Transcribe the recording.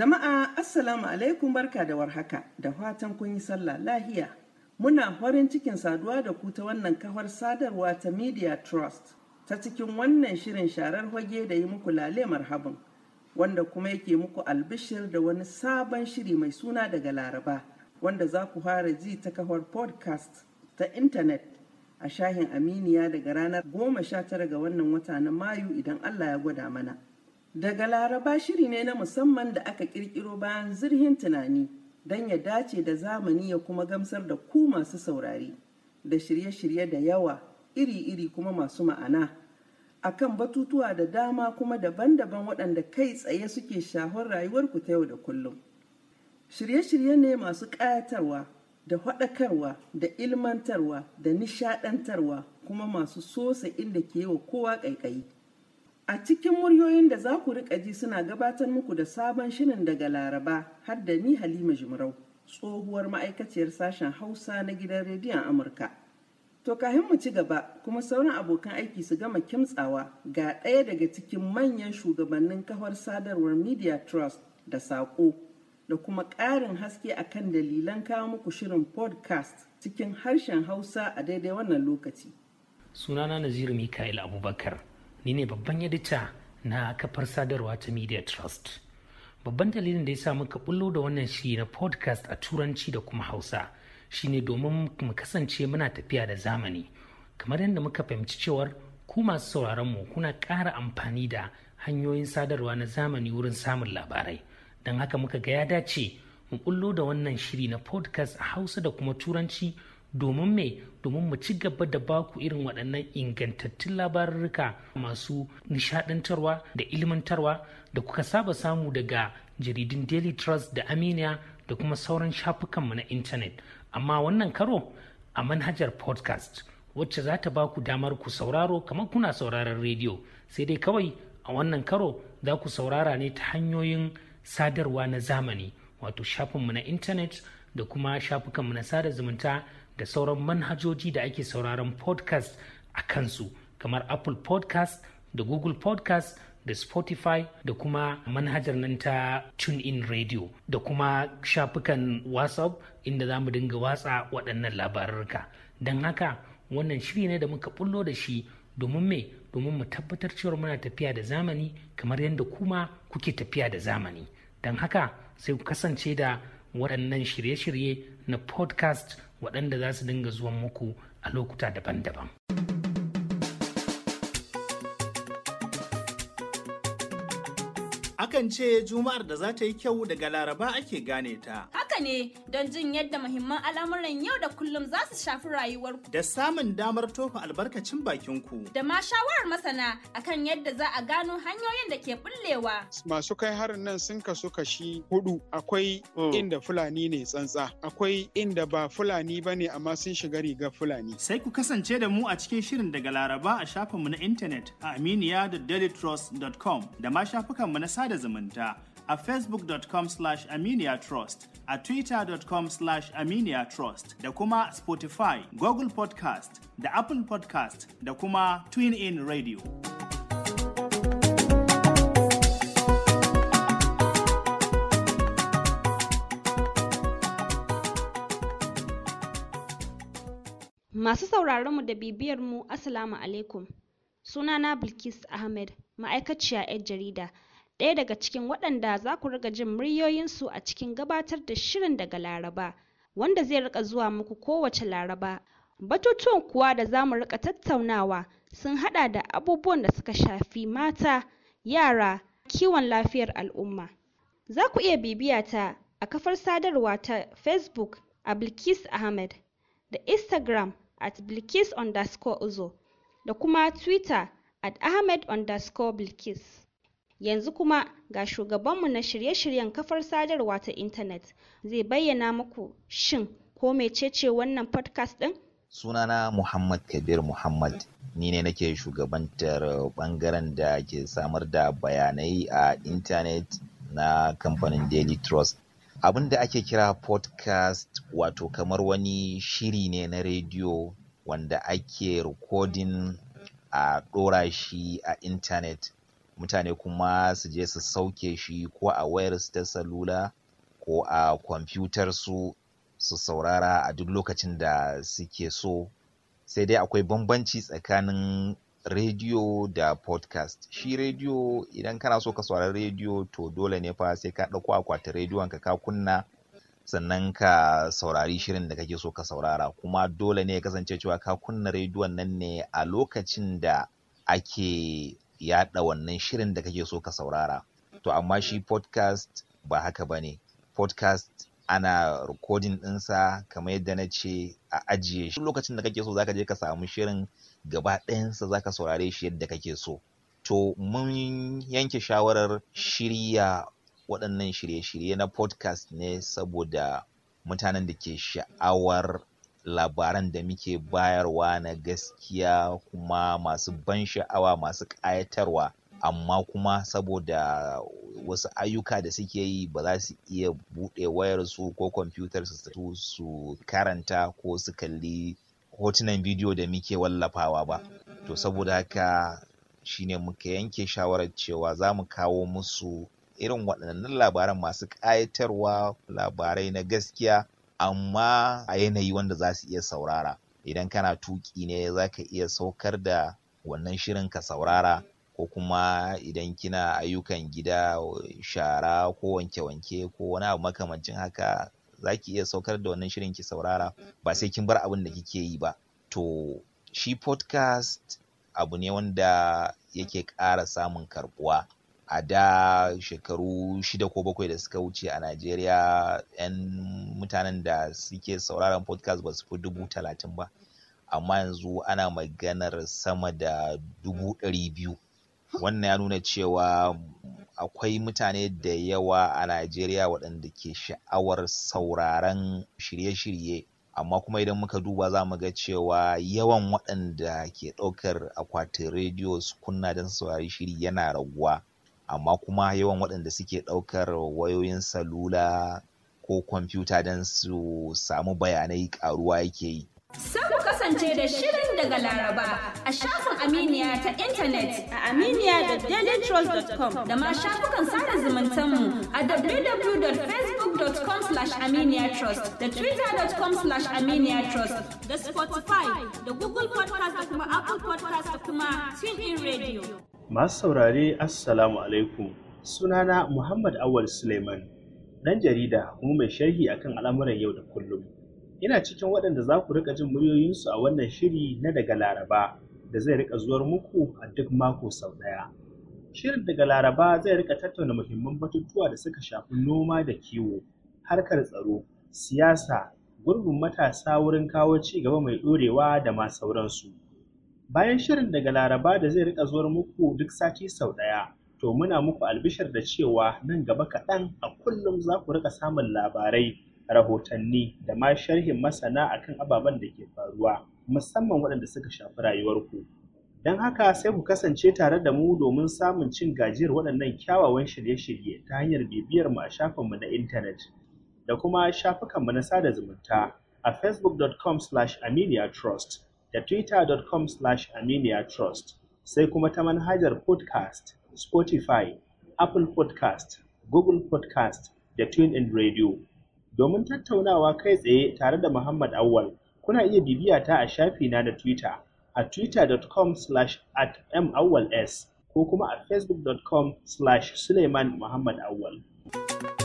Jama'a Assalamu alaikum barka da warhaka da fatan kun yi sallah lahiya. Muna farin cikin saduwa da ku ta wannan kafar sadarwa ta Media Trust ta cikin wannan shirin sharar fage da yi muku lale marhabin wanda kuma yake muku albishir da wani sabon shiri mai suna daga Laraba wanda za ku fara ji ta kafar podcast ta intanet a shahin Aminiya daga ranar 19 ga wannan wata na Mayu idan Allah ya gwada mana. Daga Laraba shiri ne na musamman da aka kirkiro bayan zirhin tunani don ya dace da zamani ya kuma gamsar da ku masu saurari da shirye-shirye da yawa iri-iri kuma masu ma'ana akan batutuwa da dama kuma daban-daban waɗanda kai tsaye suke shahon rayuwarku ta yau da kullum. Shirye-shirye ne masu ƙayatarwa da haɗakarwa da ilmantarwa da nishaɗantarwa kuma masu sosa inda ke yi wa kowa ƙaiƙayi. A cikin muryoyin da za ku rika ji suna gabatar muku da sabon shirin daga Laraba har da ni Halima Jumrau, tsohuwar ma'aikaciyar sashen Hausa na gidan rediyon Amurka. To kahin mu ci gaba kuma sauran abokan aiki su gama kimtsawa ga ɗaya daga cikin manyan shugabannin kafar sadarwar Media Trust da saƙo da kuma ƙarin haske akan dalilan kawo muku shirin podcast cikin harshen Hausa a daidai wannan lokaci. Sunana Naziru Mikael Abubakar. ni ne babban edita na kafar sadarwa ta media trust babban dalilin da ya sa muka bullo da wannan shi na podcast a turanci da kuma hausa shine domin mu kasance muna tafiya da zamani kamar yadda muka fahimci cewar ku masu sauraron mu kuna ƙara amfani da hanyoyin sadarwa na zamani wurin samun labarai don haka muka ga ya dace mu bullo da wannan shiri na podcast a hausa da kuma turanci domin me domin mu ci gaba da baku irin waɗannan ingantattun labarurruka masu nishadantarwa da ilmantarwa da kuka saba samu daga jaridun daily trust da aminiya da kuma sauran shafukanmu na intanet amma wannan karo a manhajar podcast wacce za ta baku damar ku sauraro kamar kuna sauraron rediyo sai dai kawai a wannan karo za ku saurara ne ta hanyoyin sadarwa na zamani wato shafinmu na intanet da kuma shafukanmu na sada zumunta da sauran manhajoji da ake sauraron podcast a kansu kamar apple podcast da google podcast da spotify da kuma manhajar nan ta tune in radio da kuma shafukan whatsapp inda za mu dinga watsa waɗannan labarurka don haka wannan shiri ne da muka bullo da shi domin me domin mu tabbatar cewa muna tafiya da zamani kamar yadda kuma kuke tafiya da zamani don haka sai ku kasance da waɗannan shirye-shirye na podcast waɗanda za su dinga zuwan muku a lokuta daban-daban. Akan ce Juma'ar da za ta yi kyau daga Laraba ake gane ta. ne don jin yadda muhimman al'amuran yau da kullum za su shafi rayuwarku. Da samun damar tofa albarkacin bakinku. Da ma shawarar masana akan yadda za a gano hanyoyin da ke bullewa. Masu kai harin nan sun kasu kashi hudu akwai mm. inda Fulani ne tsantsa, akwai inda ba Fulani ba ne amma sun shiga rigar Fulani. Sai ku kasance da mu a cikin shirin daga Laraba a shafinmu na intanet a aminiya.dailytrust.com da ma shafukanmu na sada zumunta. a facebook.com slash aminiatrust a twitter.com slash aminiatrust da kuma spotify google podcast da apple podcast da kuma twin in radio masu mu da bibiyarmu assalamu alaikum sunana bilkis ahmed ma'aikaciya 'yar jarida ɗaya daga cikin waɗanda za ku riga jin muryoyinsu a cikin gabatar da shirin daga Laraba, wanda zai rika zuwa muku kowace Laraba. Batutuwan kuwa da za mu rika tattaunawa sun hada da abubuwan da suka shafi mata, yara, kiwon lafiyar al'umma. Za ku iya bibiya ta a kafar sadarwa ta Facebook a Bilkis Ahmed da Instagram at Bilkis da kuma Twitter at Ahmed underscore Yanzu kuma ga shugabanmu na shirye-shiryen kafar sadarwa ta intanet zai bayyana muku shin ko mecece wannan podcast ɗin? Sunana Muhammad Kabir Muhammad ni ne nake shugabantar ɓangaren da ke samar da bayanai a intanet na kamfanin Daily Trust. Abin da ake kira podcast wato kamar wani shiri ne na rediyo wanda ake rikodin a ɗora shi a intanet. mutane kuma su je su sauke shi ko a wayar su ta salula ko a kwamfutar su su saurara a duk lokacin da suke so sai dai akwai bambanci tsakanin rediyo da podcast shi rediyo idan kana so ka saurari rediyo to dole ne fa sai ka ɗauko akwatin rediyon ka ka kunna sannan ka saurari shirin da kake so ka saurara kuma dole ne ya kasance cewa ka kunna rediyon nan ne a lokacin da ake yaɗa wannan shirin da kake so ka saurara to amma shi podcast ba haka ba ne podcast ana recording ɗinsa kamar yadda na ce a ajiye shi lokacin da kake so zaka je ka samu shirin gaba ɗayansa zaka saurare shi yadda kake so to mun yanke shawarar shirya waɗannan shirye-shirye na podcast ne saboda mutanen da ke sha'awar labaran da muke bayarwa na gaskiya kuma masu ban sha'awa masu ƙayatarwa amma kuma saboda wasu ayyuka da suke yi ba za su iya buɗe wayarsu ko kwamfutar su su karanta ko su kalli hotunan bidiyo da muke wallafawa ba to saboda haka shine muka yanke shawarar cewa za mu kawo musu irin waɗannan labaran masu ƙayatarwa labarai na gaskiya amma a yanayi wanda za su iya saurara idan kana tuki ne za ka iya saukar da wannan shirin ka saurara ko kuma idan kina ayyukan gida shara ko wanke-wanke ko wani abu makamancin haka za ki iya saukar da wannan shirin ki saurara ba sai kin bar abin da kike yi ba to shi podcast abu ne wanda yake ƙara samun karbuwa a da shekaru shida ko bakwai da suka wuce a najeriya 'yan mutanen da suke sauraron podcast ba su fi dubu talatin ba amma yanzu ana maganar sama da dubu ɗari biyu wannan ya nuna cewa akwai mutane da yawa a najeriya waɗanda ke sha'awar sauraron shirye-shirye amma kuma idan muka duba za mu ga cewa yawan waɗanda ke ɗaukar akwatin rediyo su kunna don saurari shiri yana raguwa amma kuma yawan waɗanda suke ɗaukar wayoyin salula ko kwamfuta don su samu bayanai ƙaruwa yake yi. Sabu kasance da shirin daga Laraba a shafin Aminiya ta intanet a aminiya da dailytrust.com da ma shafukan sada zumuntanmu a www.facebook.com aminiyatrust da twitter.com aminiyatrust da Spotify da Google podcast da kuma Apple podcast da kuma TuneIn Radio. Masu saurare Assalamu alaikum sunana Muhammad Awal Suleiman ɗan jarida kuma mai sharhi akan al'amuran yau da kullum. Ina cikin waɗanda za ku riƙa jin muryoyinsu a wannan shiri na daga Laraba da zai riƙa zuwar muku a duk mako sau ɗaya. Shirin daga Laraba zai riƙa tattauna muhimman batutuwa da suka shafi noma da kiwo, harkar tsaro, siyasa, gurbin matasa wurin kawo ci gaba mai ɗorewa da ma sauransu. Bayan shirin daga Laraba da zai rika zuwar muku duk sati sau ɗaya, to muna muku albishar da cewa nan gaba kaɗan a kullum za ku rika samun labarai, rahotanni da ma sharhin masana akan ababen da ke faruwa, musamman waɗanda suka shafi rayuwarku. Don haka sai ku kasance tare da mu domin samun cin gajiyar waɗannan kyawawan shirye-shirye ta hanyar bibiyar mu a shafinmu na intanet da kuma shafukanmu na sada zumunta a facebook.com/aminiatrust. trust da twitter.com slash trust sai kuma ta manhajar podcast spotify apple podcast google podcast da Twin in radio domin tattaunawa kai tsaye tare da muhammad awal kuna iya bibiya ta a shafi na da twitter a twitter.com slash at ko kuma a facebook.com slash suleiman muhammad awal.